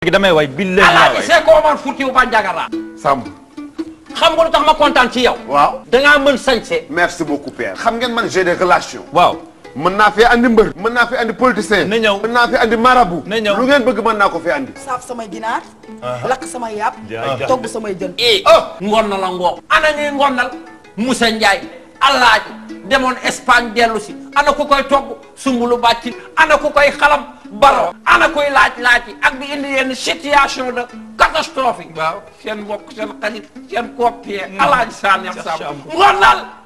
léegi damay waay billahi alaaji Seeko Omar Foutiou Ba Ndiagara Samb xam nga lu tax ma kontaan ci yow waaw dangaa mën sañse merci beaucoup père xam ngeen man j'ai des relations waaw mën naa fee andi mbër mën naa fee andi politicien na ñëw mën naa fee andi marabu na ñëw lu ngeen bëgg mën naa ko fee andi saaf samay ginaar lakk samay yàpp togg samay jën i eh, oh, ngoon na la ngoo ana ñuy ngoonal Moussa Ndiaye alaaji demoon Espagne dellu si ana ku koy togg sumbulu bàcci ana ku koy xalam baro ana koy laaj laaj yi ak di indi yenn situation de catastrophe yi. waaw seen mbokk seen xarit seen coppite. Mm. alaaji Sane am saabu ngoon daal.